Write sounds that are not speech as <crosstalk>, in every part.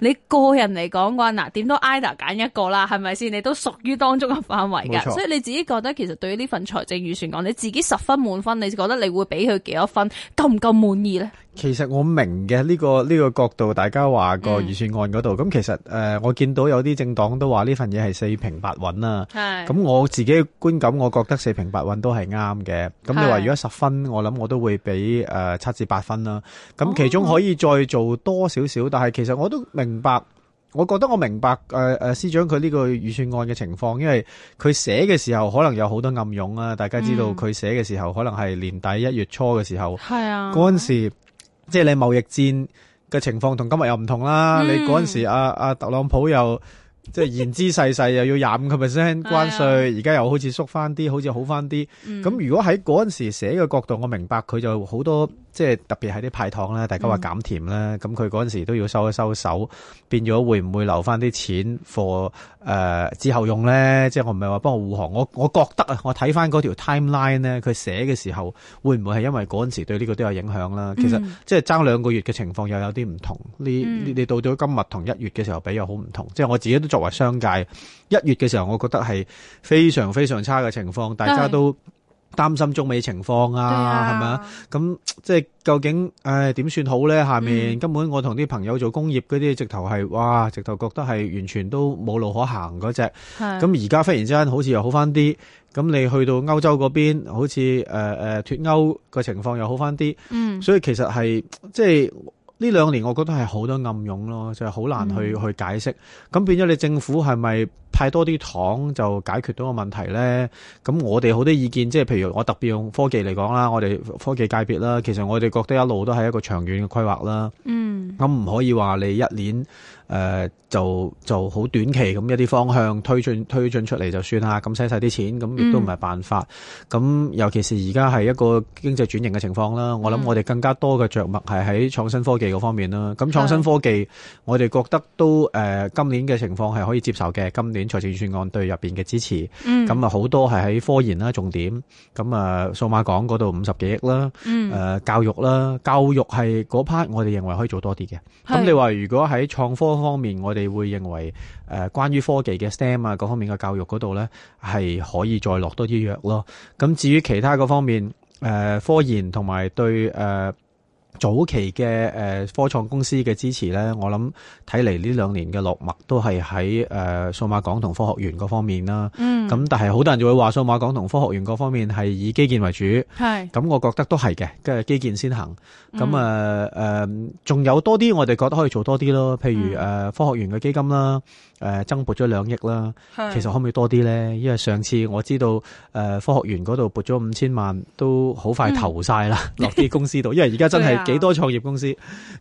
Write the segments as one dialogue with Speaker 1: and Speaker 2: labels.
Speaker 1: 你個人嚟講話嗱，點都挨揀一個啦，係咪先？你都屬於當中嘅範圍噶，所以你自己覺得，其實對於呢份財政預算講，你自己十分滿分，你覺得你會俾佢幾多分？夠唔夠滿意咧？
Speaker 2: 其實我明嘅呢、這個呢、這個角度，大家話個預算案嗰度。咁、嗯、其實誒、呃，我見到有啲政黨都話呢份嘢係四平八穩啦。係咁，我自己嘅觀感，我覺得四平八穩都係啱嘅。咁你話如果十分，我諗我都會俾誒、呃、七至八分啦、啊。咁其中可以再做多少少，哦，但係其實我都明白，我覺得我明白誒誒、呃呃，司長佢呢個預算案嘅情況，因為佢寫嘅時候可能有好多暗湧啊。大家知道佢寫嘅時候，嗯、可能係年底一月初嘅時候，係啊，陣時。即係你貿易戰嘅情況同今日又唔同啦，你嗰陣時阿、啊啊、特朗普又即係、就是、言之細細 <laughs> 又要廿五 percent 關稅，而 <laughs> 家又好似縮翻啲，好似好翻啲。咁、嗯、如果喺嗰陣時寫嘅角度，我明白佢就好多。即係特別係啲派糖咧，大家話減甜啦，咁佢嗰陣時都要收一收手，變咗會唔會留翻啲錢貨誒、呃、之後用咧？即、就、係、是、我唔係話幫我護航，我我覺得啊，我睇翻嗰條 timeline 咧，佢寫嘅時候會唔會係因為嗰陣時對呢個都有影響啦、嗯？其實即係爭兩個月嘅情況又有啲唔同，嗯、你你到咗今日同一月嘅時候比又好唔同，即、就、係、是、我自己都作為商界，一月嘅時候我覺得係非常非常差嘅情況，大家都，都。擔心中美情況啊，係咪啊？咁即係究竟，誒、呃、點算好咧？下面根本我同啲朋友做工業嗰啲，嗯、直頭係哇，直頭覺得係完全都冇路可行嗰隻。咁而家忽然之間好似又好返啲，咁你去到歐洲嗰邊，好似誒誒脫歐嘅情況又好返啲。嗯，所以其實係即係。呢兩年我覺得係好多暗湧咯，就係、係、好難去、嗯、去解釋。咁變咗你政府係咪派多啲糖就解決到個問題呢？咁我哋好多意見，即係譬如我特別用科技嚟講啦，我哋科技界別啦，其實我哋覺得一路都係一個長遠嘅規劃啦。嗯，咁唔可以話你一年。誒、呃，就就好短期咁一啲方向推進推進出嚟就算啦，咁使晒啲錢，咁亦都唔係辦法。咁、嗯、尤其是而家係一個經濟轉型嘅情況啦、嗯，我諗我哋更加多嘅着墨係喺創新科技嗰方面啦。咁創新科技，我哋覺得都誒、呃、今年嘅情況係可以接受嘅。今年財政預算案對入邊嘅支持，咁啊，好多係喺科研啦重點，咁啊，數碼港嗰度五十幾億啦，誒教育啦，教育係嗰 part 我哋認為可以做多啲嘅。咁你話如果喺創科方面，我哋會認為誒、呃，關於科技嘅 STEM 啊，各方面嘅教育嗰度咧，係可以再落多啲藥咯。咁至於其他嗰方面，誒、呃，科研同埋對誒。呃早期嘅誒、呃、科創公司嘅支持咧，我諗睇嚟呢兩年嘅落墨都係喺誒數碼港同科學園嗰方面啦。嗯。咁但係好多人就會話數碼港同科學園嗰方面係以基建為主。咁我覺得都係嘅，基建先行。咁誒誒仲有多啲我哋覺得可以做多啲咯，譬如誒、呃、科學園嘅基金啦，誒、呃、增撥咗兩億啦。其實可唔可以多啲咧？因為上次我知道誒、呃、科學園嗰度撥咗五千萬，都好快都投晒啦，落、嗯、啲公司度。因為而家真係、 <laughs> 啊。幾多創業公司？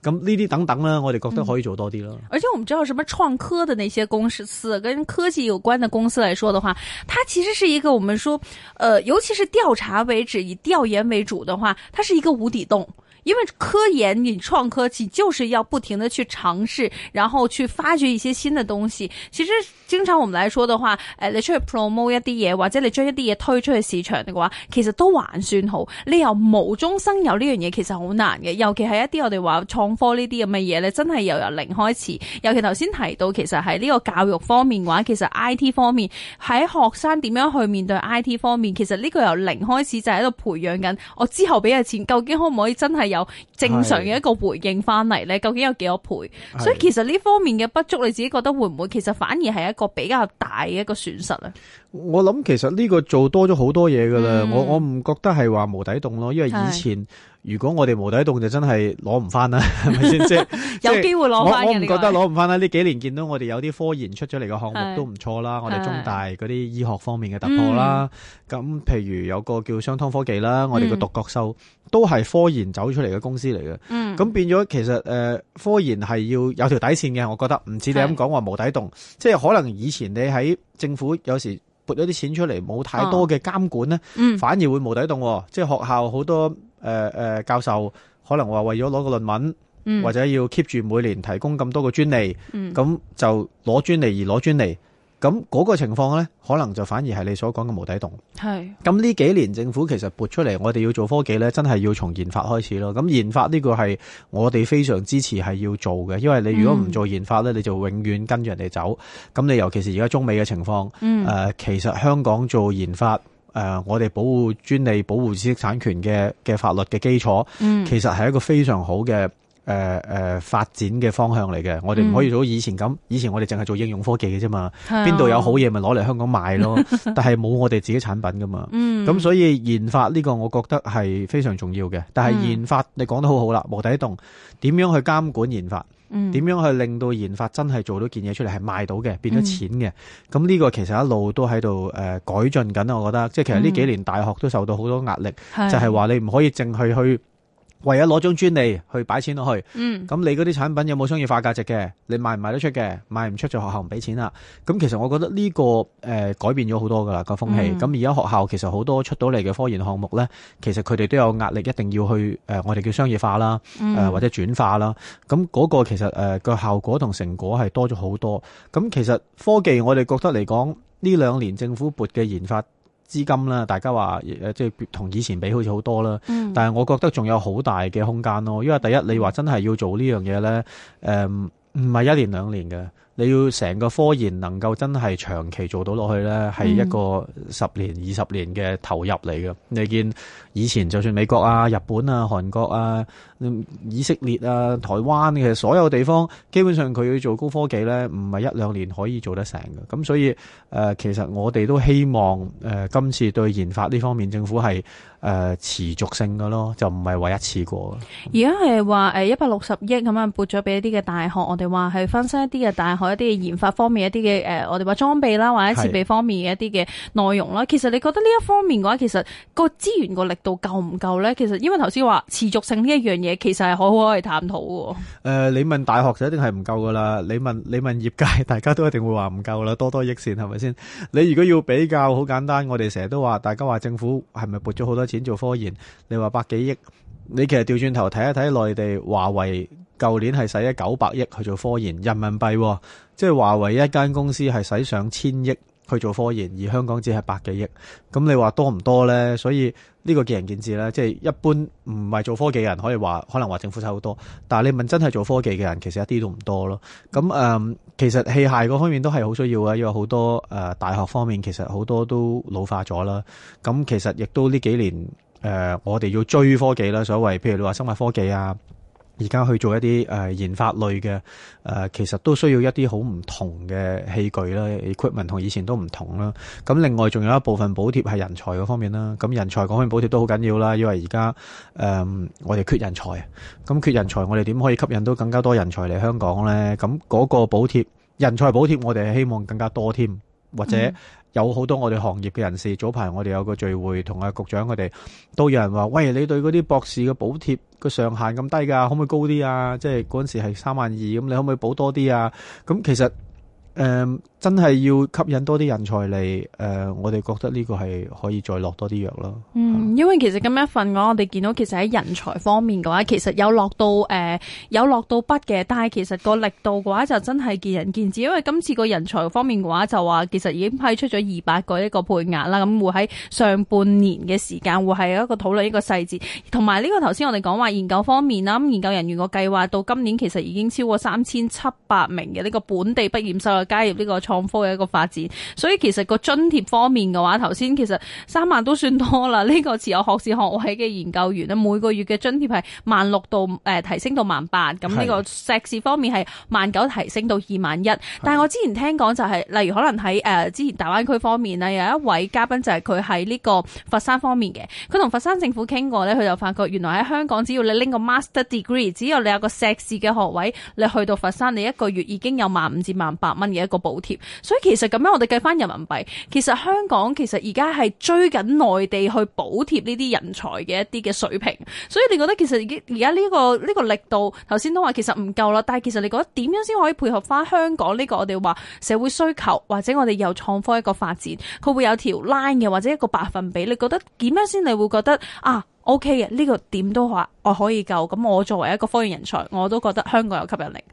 Speaker 2: 咁呢啲等等啦，我哋覺得可以做多啲咯、嗯。
Speaker 1: 而且我們知道，什麼創科的那些公司，跟科技有關的公司來說的話，它其實是一個我們說，呃，尤其是調查為止，以調研為主的話，它是一個無底洞。因為科研，你創科技就是要不停的去嘗試，然後去發掘一些新的東西。其實經常我們來說的話，誒、呃、你出去 promote 一啲嘢，或者你將一啲嘢推出去市場嘅話，其實都還算好。你又無中生有呢樣嘢其實好難嘅，尤其係一啲我哋話創科呢啲咁嘅嘢咧，真係由由零開始。尤其頭先提到，其實喺呢個教育方面嘅話，其實 IT 方面喺學生點樣去面對 IT 方面，其實呢個由零開始就喺度培養緊。我之後俾嘅錢，究竟可唔可以真係有？有正常嘅一個回應翻嚟咧，究竟有幾多倍？所以其實呢方面嘅不足，你自己覺得會唔會？其實反而係一個比較大嘅一個損失呢？
Speaker 2: 我諗其實呢個做多咗好多嘢噶啦，我我唔覺得係話無底洞咯，因為以前。如果我哋無底洞就真係攞唔翻啦，係咪先？即、 <laughs> 就
Speaker 1: 是、 <laughs> 有機會攞翻嘅。我唔覺得攞
Speaker 2: 唔翻啦。呢 <laughs> 幾年見到我哋有啲科研出咗嚟嘅項目都唔錯啦。我哋中大嗰啲醫學方面嘅突破啦，咁、嗯、譬如有個叫商湯科技啦，我哋嘅獨角獸都係科研走出嚟嘅公司嚟嘅。咁、嗯、變咗其實誒、呃，科研係要有條底線嘅。我覺得唔似你咁講話無底洞，即、就、係、是、可能以前你喺政府有時撥咗啲錢出嚟，冇太多嘅監管呢、哦嗯，反而會無底洞。即係學校好多。誒、呃、誒、呃、教授可能話為咗攞個論文、嗯，或者要 keep 住每年提供咁多個專利，咁、嗯、就攞專利而攞專利，咁嗰個情況呢，可能就反而係你所講嘅無底洞。係，咁呢幾年政府其實撥出嚟，我哋要做科技呢，真係要從研發開始咯。咁研發呢個係我哋非常支持係要做嘅，因為你如果唔做研發呢，你就永遠跟住人哋走。咁、嗯、你尤其是而家中美嘅情況、嗯呃，其實香港做研發。誒、呃，我哋保護專利、保護知識產權嘅嘅法律嘅基礎，嗯、其實係一個非常好嘅誒誒發展嘅方向嚟嘅。我哋唔可以做以前咁，以前我哋淨係做應用科技嘅啫、嗯嗯、嘛。邊度有好嘢咪攞嚟香港賣咯？但係冇我哋自己產品噶嘛。咁所以研發呢個我覺得係非常重要嘅。但係研發你講得好好啦，無底洞，點樣去監管研發？嗯，點樣去令到研發真係做到件嘢出嚟係賣到嘅，變咗錢嘅？咁、嗯、呢個其實一路都喺度誒改進緊啦，我覺得。即係其實呢幾年大學都受到好多壓力，嗯、就係、係、話你唔可以淨係去。為咗攞張專利去擺錢落去，咁、嗯、你嗰啲產品有冇商業化價值嘅？你賣唔賣得出嘅？賣唔出就學校唔俾錢啦。咁其實我覺得呢、呢個誒、呃、改變咗好多噶啦個風氣。咁而家學校其實好多出到嚟嘅科研項目呢，其實佢哋都有壓力一定要去誒、呃，我哋叫商業化啦，誒、呃、或者轉化啦。咁、嗯、嗰個其實誒個、呃、效果同成果係多咗好多。咁其實科技我哋覺得嚟講呢兩年政府撥嘅研發資金啦，大家話誒即係同以前比好似好多啦，但係我覺得仲有好大嘅空間咯，因為第一你話真係要做呢樣嘢咧，誒唔係一年兩年嘅。你要成個科研能夠真係長期做到落去呢係一個十年、二十年嘅投入嚟嘅。你見以前就算美國啊、日本啊、韓國啊、以色列啊、台灣嘅，所有地方基本上佢要做高科技呢唔係一兩年可以做得成嘅。咁所以誒、呃，其實我哋都希望誒、呃、今次對研發呢方面，政府係。誒、呃、持續性嘅咯，就唔係話一次過。而
Speaker 1: 家係話誒一百六十億咁樣撥咗俾一啲嘅大學，我哋話係翻新一啲嘅大學一啲嘅研發方面一啲嘅誒，我哋話裝備啦或者設備方面嘅一啲嘅內容啦。其實你覺得呢一方面嘅話，其實個資源個力度夠唔夠咧？其實因為頭先話持續性呢一樣嘢，其實係好好可以探討喎、
Speaker 2: 呃。你問大學就一定係唔夠噶啦。你問你問業界，大家都一定會話唔夠啦。多多益善係咪先？你如果要比較，好簡單，我哋成日都話，大家話政府係咪撥咗好多錢？做科研，你話百幾億，你其實調轉頭睇一睇內地華為，舊年係使咗九百億去做科研，人民幣，哦，即係華為一間公司係使上千億。去做科研，而香港只係百幾億，咁你話多唔多呢？所以呢個見仁見智啦，即係一般唔係做科技嘅人可以話，可能話政府差好多，但係你問真係做科技嘅人，其實一啲都唔多咯。咁誒、嗯，其實器械嗰方面都係好需要嘅，因為好多誒、呃、大學方面其實好多都老化咗啦。咁其實亦都呢幾年誒、呃，我哋要追科技啦，所謂譬如你話生物科技啊。而家去做一啲誒研發類嘅誒，其實都需要一啲好唔同嘅器具啦，equipment 同以前都唔同啦。咁另外仲有一部分補貼係人才嗰方面啦。咁人才方面補貼都好緊要啦，因為而家誒我哋缺人才，咁缺人才我哋點可以吸引到更加多人才嚟香港呢？咁嗰個補貼，人才補貼我哋希望更加多添，或者、嗯。有好多我哋行業嘅人士，早排我哋有個聚會，同阿局長佢哋都有人話，喂，你對嗰啲博士嘅補貼個上限咁低㗎，啊，可唔可以高啲啊？即係嗰陣時係三萬二，咁你可唔可以補多啲啊？咁其實。誒、嗯，真係要吸引多啲人才嚟，誒、呃，我哋覺得呢個係可以再落多啲藥咯。嗯，
Speaker 1: 因為其實咁樣一份嘅話，我哋見到其實喺人才方面嘅話，其實有落到誒、呃，有落到筆嘅，但係其實個力度嘅話就真係見仁見智。因為今次個人才方面嘅話，就話其實已經批出咗二百個一個配額啦，咁、嗯、會喺上半年嘅時間會係一個討論呢個細節，同埋呢個頭先我哋講話研究方面啦，咁研究人員個計劃到今年其實已經超過三千七百名嘅呢、這個本地畢業生啦。加入呢個創科嘅一個發展，所以其實個津貼方面嘅話，頭先其實三萬都算多啦。呢個持有學士學位嘅研究員咧，每個月嘅津貼係萬六到誒提升到萬八。咁呢個碩士方面係萬九提升到二萬一。但係我之前聽講就係，例如可能喺誒之前大灣區方面啦，有一位嘉賓就係佢喺呢個佛山方面嘅，佢同佛山政府傾過咧，佢就發覺原來喺香港只要你拎個 master degree，只要你有個碩士嘅學位，你去到佛山，你一個月已經有萬五至萬八蚊。嘅一個補貼，所以其實咁樣我哋計翻人民幣，其實香港其實而家係追緊內地去補貼呢啲人才嘅一啲嘅水平，所以你覺得其實而家呢個呢個力度，頭先都話其實唔夠啦。但係其實你覺得點樣先可以配合翻香港呢個我哋話社會需求，或者我哋又創科一個發展，佢會有條 line 嘅或者一個百分比。你覺得點樣先你會覺得啊 OK 嘅呢個點都話我可以夠。咁我作為一個科研人才，我都覺得香港有吸引力。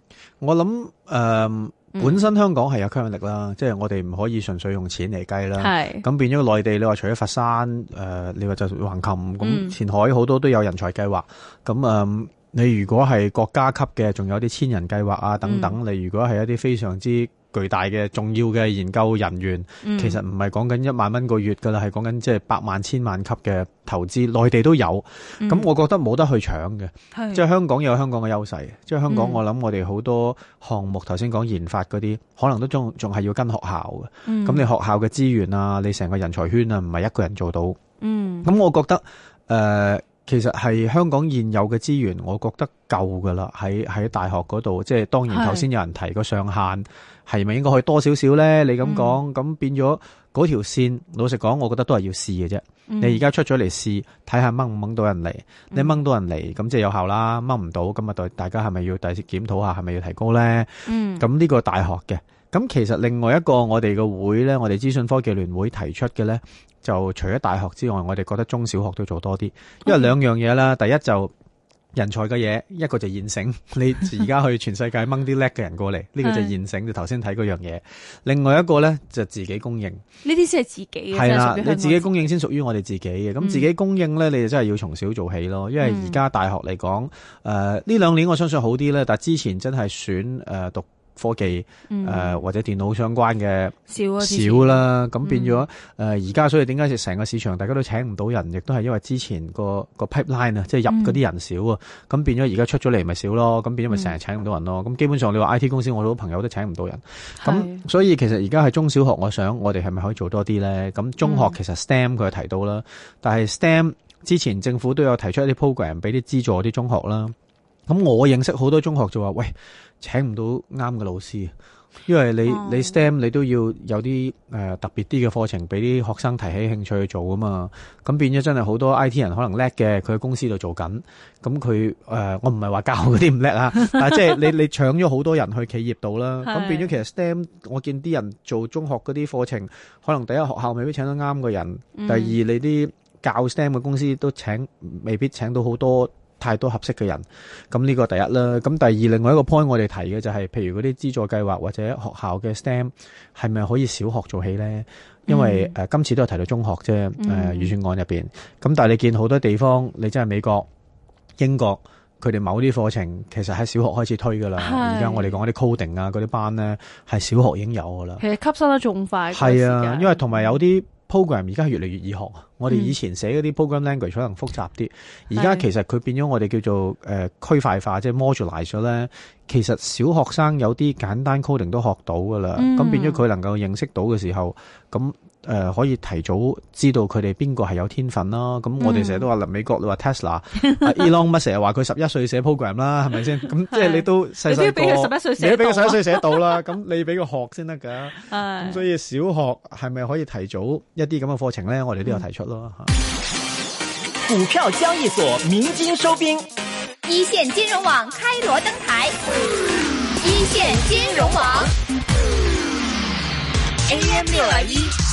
Speaker 2: 我諗誒。呃嗯、本身香港係有吸引力啦，即、就、係、是、我哋唔可以純粹用錢嚟計啦。咁變咗內地，你話除咗佛山，誒、呃，你話就橫琴咁，前海好多都有人才計劃。咁誒、嗯，你如果係國家級嘅，仲有啲千人計劃啊等等，嗯。你如果係一啲非常之巨大嘅重要嘅研究人員，嗯、其實唔係講緊一萬蚊個月㗎啦，係講緊即係百萬、千萬級嘅投資。內地都有，咁、嗯、我覺得冇得去搶嘅，即係香港有香港嘅優勢。即係香港，嗯、我諗我哋好多項目頭先講研發嗰啲，可能都仲仲係要跟學校嘅。咁、嗯、你學校嘅資源啊，你成個人才圈啊，唔係一個人做到。嗯，咁我覺得誒、呃其實係香港現有嘅資源，我覺得夠㗎啦。喺喺大學嗰度，即係當然頭先有人提個上限，係咪應該可以多少少呢？你咁講，咁、嗯、變咗嗰條線，老實講，我覺得都係要試嘅啫。你而家出咗嚟試，睇下掹唔掹到人嚟、嗯。你掹到人嚟，咁即係有效啦。掹唔到，咁啊，大大家係咪要第一次檢討下，係咪要提高呢？嗯，咁呢個係大學嘅。咁其實另外一個我哋個會呢，我哋資訊科技聯會提出嘅呢。就除咗大學之外，我哋覺得中小學都做多啲，因為兩樣嘢啦。第一就人才嘅嘢，一個就現成，你而家去全世界掹啲叻嘅人過嚟，呢 <laughs> 個就現成。就頭先睇嗰樣嘢，另外一個呢，就自己供應。
Speaker 1: 呢啲先係自己嘅。係啦、啊，你自己
Speaker 2: 供應先屬於我哋自己嘅。咁自己供應呢，你就真係要從小做起咯。因為而家大學嚟講，誒、呃、呢兩年我相信好啲呢，但之前真係選誒、呃、讀。科技誒、呃、或者電腦相關嘅、
Speaker 1: 嗯、少啦，
Speaker 2: 咁變咗誒而家，所以點解成個市場大家都請唔到人，亦都係因為之前個個 pipeline 啊，即係入嗰啲人少啊，咁、嗯、變咗而家出咗嚟咪少咯，咁變咗咪成日請唔到人咯。咁、嗯、基本上你話 IT 公司，我好多朋友都請唔到人。咁所以其實而家係中小學，我想我哋係咪可以做多啲咧？咁中學其實 STEM 佢提到啦、嗯，但係 STEM 之前政府都有提出一啲 program 俾啲資助啲中學啦。咁我認識好多中學就話：喂，請唔到啱嘅老師，因為你、嗯、你 STEM 你都要有啲誒、呃、特別啲嘅課程俾啲學生提起興趣去做㗎嘛。咁變咗真係好多 IT 人可能叻嘅，佢喺公司度做緊。咁佢誒，我唔係話教嗰啲唔叻啊， <laughs> 但係即係你你搶咗好多人去企業度啦。咁 <laughs> 變咗其實 STEM，我見啲人做中學嗰啲課程，可能第一學校未必請到啱嘅人、嗯，第二你啲教 STEM 嘅公司都請未必請到好多，太多合適嘅人，咁呢個第一啦。咁第二，另外一個 point 我哋提嘅就係、是，譬如嗰啲資助計劃或者學校嘅 STEM 係咪可以小學做起呢？因為誒、嗯呃、今次都係提到中學啫。誒預算案入邊，咁但係你見好多地方，你真係美國、英國，佢哋某啲課程其實喺小學開始推㗎喇。而家我哋講嗰啲 coding 啊，嗰啲班呢，係小學已經有㗎喇。
Speaker 1: 其實吸收得仲快。係啊、那個，因
Speaker 2: 為同埋有啲。program 而家係越嚟越易學，我哋以前寫嗰啲 program language 可能複雜啲，而、嗯、家其實佢變咗我哋叫做誒區塊化，即係 modular 咗咧。其實小學生有啲簡單 coding 都學到㗎啦，咁變咗佢能夠認識到嘅時候，咁、嗯。誒、呃，可以提早知道佢哋邊個係有天分咯。咁我哋成日都話，林美國、嗯、你話 Tesla、 <laughs> Elon Musk 成日話佢十一歲寫 program 啦，係咪先？咁即係你都細細個你都俾佢十一歲寫到啦。咁 <laughs> 你俾佢學先得噶。
Speaker 1: 咁 <laughs> 所
Speaker 2: 以小學係咪可以提早一啲咁嘅課程咧？我哋都有提出咯。嗯、股票交易所
Speaker 1: 明金收兵，一線金融網開鑼登台、嗯，一線金融網 AM 六二一。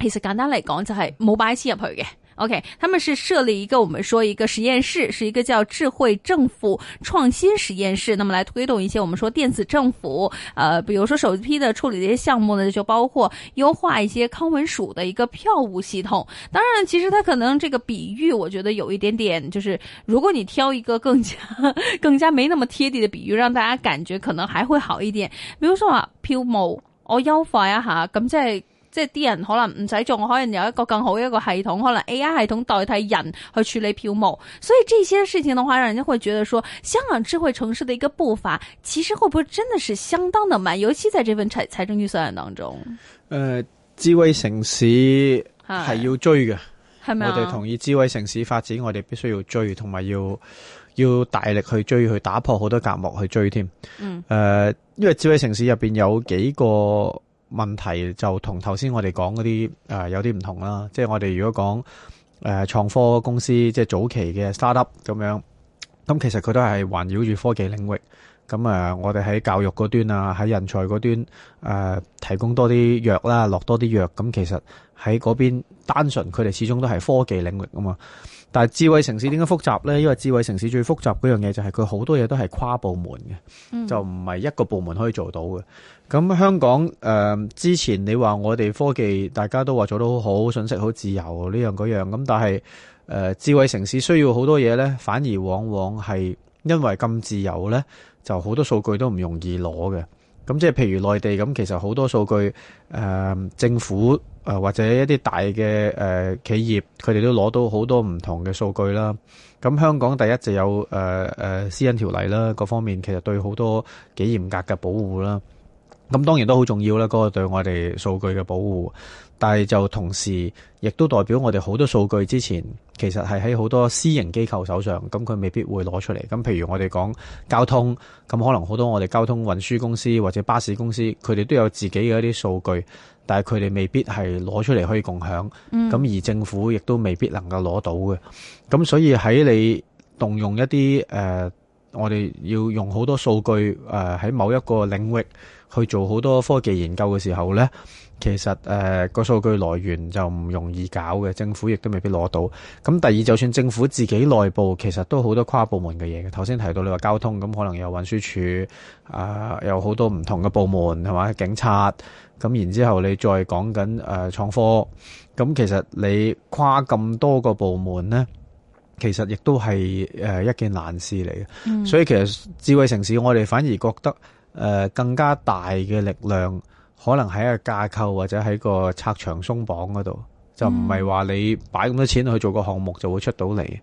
Speaker 1: 其實簡單嚟講就係冇擺錢入去嘅，OK，他們是設立一個，我們說一個實驗室，是一個叫智慧政府創新實驗室，那麼來推動一些我們說電子政府，呃，比如說首批的處理這些項目呢，就包括優化一些康文署的一個票務系統。當然，其實它可能這個比喻，我覺得有一點點，就是如果你挑一個更加更加沒那麼貼地的比喻，讓大家感覺可能還會好一點，比如說話票務我優化一下咁即係。即係啲人可能唔使做，可能有一個更好嘅一個系統，可能 AI 系統代替人去處理票務，所以這些事情的話，讓人家會覺得說，香港智慧城市的一個步伐，其實會不會真的是相當的慢？尤其在這份財財政預算案當中，誒、
Speaker 2: 呃，智慧城市係要追嘅，
Speaker 1: 係咪啊？我哋同
Speaker 2: 意智慧城市發展，我哋必須要追，同埋要要大力去追，去打破好多隔膜去追添。嗯，誒、呃，因為智慧城市入邊有幾個。問題就同頭先我哋講嗰啲誒有啲唔同啦，即係我哋如果講誒、呃、創科公司，即係早期嘅 startup 咁樣，咁其實佢都係環繞住科技領域。咁啊，我哋喺教育嗰端啊，喺人才嗰端誒、呃，提供多啲藥啦，落多啲藥，咁其實喺嗰邊單純佢哋始終都係科技領域啊嘛。但係智慧城市點解複雜呢？因為智慧城市最複雜嗰樣嘢就係佢好多嘢都係跨部門嘅，就唔係一個部門可以做到嘅。咁香港誒、呃、之前你話我哋科技大家都話做得好好，信息好自由呢樣嗰樣咁，但係誒、呃、智慧城市需要好多嘢呢，反而往往係因為咁自由呢，就好多數據都唔容易攞嘅。咁即係譬如內地咁，其實好多數據誒、呃、政府誒、呃、或者一啲大嘅誒、呃、企業，佢哋都攞到好多唔同嘅數據啦。咁香港第一就有誒誒、呃呃、私隱條例啦，各方面其實對好多幾嚴格嘅保護啦。咁當然都好重要啦。嗰、那個對我哋數據嘅保護，但係就同時亦都代表我哋好多數據之前其實係喺好多私營機構手上。咁佢未必會攞出嚟。咁譬如我哋講交通，咁可能好多我哋交通運輸公司或者巴士公司，佢哋都有自己嘅一啲數據，但係佢哋未必係攞出嚟可以共享。咁而政府亦都未必能夠攞到嘅。咁所以喺你動用一啲誒、呃，我哋要用好多數據誒喺、呃、某一個領域。去做好多科技研究嘅時候咧，其實誒個、呃、數據來源就唔容易搞嘅，政府亦都未必攞到。咁第二，就算政府自己內部，其實都好多跨部門嘅嘢嘅。頭先提到你話交通，咁可能有運輸署，啊、呃，有好多唔同嘅部門係嘛，警察。咁然之後你再講緊誒、呃、創科，咁其實你跨咁多個部門咧，其實亦都係誒一件難事嚟嘅、嗯。所以其實智慧城市，我哋反而覺得。誒、呃、更加大嘅力量，可能喺一個架構或者喺個拆牆鬆綁嗰度、嗯，就唔係話你擺咁多錢去做個項目就會出到嚟，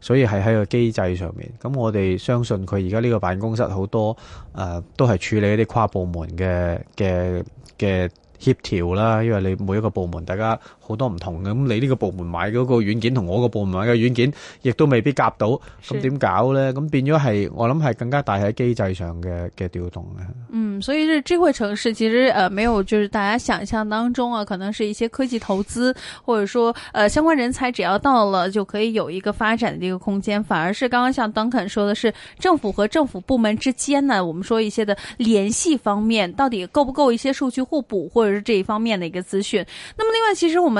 Speaker 2: 所以係喺個機制上面。咁我哋相信佢而家呢個辦公室好多誒、呃、都係處理一啲跨部門嘅嘅嘅協調啦，因為你每一個部門大家。好多唔同嘅，咁你呢個部門買嗰個軟件，同我個部門買嘅軟件，亦都未必夾到，咁點搞呢？咁變咗係我諗係更加大喺機制上嘅嘅調動。嗯，
Speaker 1: 所以係智慧城市，其實呃，沒有就是大家想象當中啊，可能係一些科技投資，或者說呃相關人才，只要到了就可以有一個發展的一個空間。反而是剛剛像 Duncan 說嘅，是政府和政府部門之間呢，啊，我們說一些的聯繫方面，到底夠唔夠一些數據互補，或者是這一方面嘅一個資訊。那麼另外，其實我們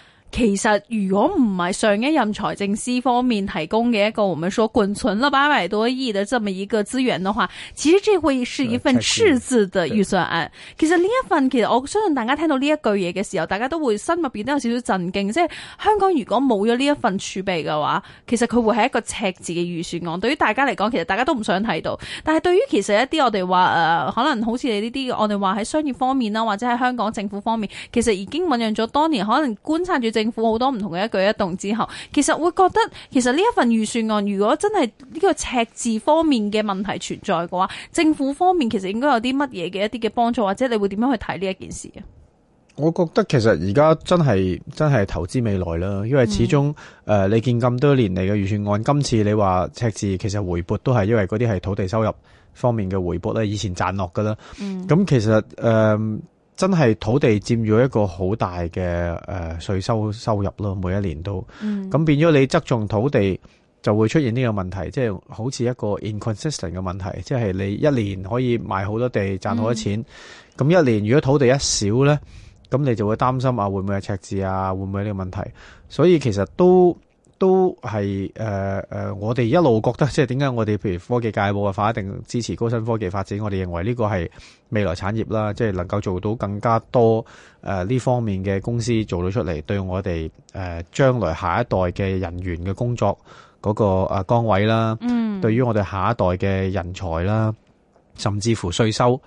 Speaker 1: 其實如果唔係上一任財政司方面提供嘅一個，我們說滾存咗八百多億的這麼一個資源嘅話，其實這會是一份赤字嘅預算案。其實呢一份，其實我相信大家聽到呢一句嘢嘅時候，大家都會心入邊都有少少震驚，即係香港如果冇咗呢一份儲備嘅話，其實佢會係一個赤字嘅預算案。對於大家嚟講，其實大家都唔想睇到，但係對於其實一啲我哋話誒，可能好似你呢啲，我哋話喺商業方面啦，或者喺香港政府方面，其實已經醞釀咗多年，可能觀察住政。政府好多唔同嘅一舉一動之後，其實會覺得其實呢一份預算案，如果真係呢個赤字方面嘅問題存在嘅話，政府方面其實應該有啲乜嘢嘅一啲嘅幫助，或者你會點樣去睇呢一件事啊？
Speaker 2: 我覺得其實而家真係真係投資未來啦，因為始終誒、嗯呃、你見咁多年嚟嘅預算案，今次你話赤字，其實回撥都係因為嗰啲係土地收入方面嘅回撥咧，以前賺落㗎啦。咁、嗯、其實誒。呃真係土地佔咗一個好大嘅誒稅收收入咯，每一年都。咁、嗯、變咗你側重土地，就會出現呢個問題，即係好似一個 inconsistent 嘅問題，即係你一年可以賣好多地賺好多錢，咁、嗯、一年如果土地一少呢，咁你就會擔心啊，會唔會有赤字啊，會唔會呢個問題？所以其實都。都係誒誒，我哋一路覺得，即係點解我哋譬如科技界冇辦法一定支持高新科技發展？我哋認為呢個係未來產業啦，即係能夠做到更加多誒呢、呃、方面嘅公司做到出嚟，對我哋誒將來下一代嘅人員嘅工作嗰、那個誒崗、呃、位啦，嗯、對於我哋下一代嘅人才啦，甚至乎稅收。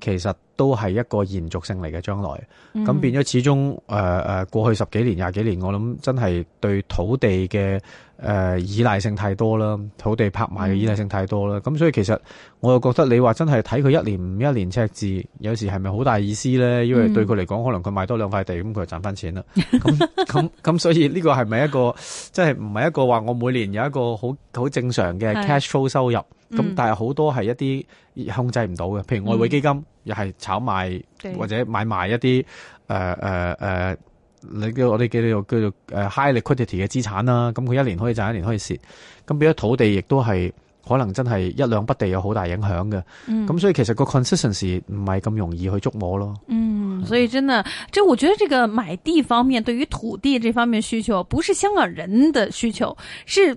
Speaker 2: 其實都係一個延續性嚟嘅將來，咁變咗始終誒誒、嗯呃、過去十幾年廿幾年，我諗真係對土地嘅誒、呃、依賴性太多啦，土地拍賣嘅依賴性太多啦，咁、嗯、所以其實我又覺得你話真係睇佢一年唔一年赤字，有時係咪好大意思呢？因為對佢嚟講，可能佢買多兩塊地，咁佢就賺翻錢啦。咁咁咁，所以呢個係咪一個即係唔係一個話我每年有一個好好正常嘅 cash flow 收入？咁、嗯、但係好多係一啲控制唔到嘅，譬如外匯基金又係炒賣、嗯、或者買賣一啲誒誒誒，你叫我哋叫,叫做叫做誒 high liquidity 嘅資產啦。咁佢一年可以賺，一年可以蝕。咁變咗土地亦都係可能真係一兩筆地有好大影響嘅。咁所以其實個 consistency 唔係咁容易去捉摸咯。嗯，
Speaker 1: 所以真係，即係我覺得，這個買地方面，對於土地呢方面需求，不是香港人的需求，是。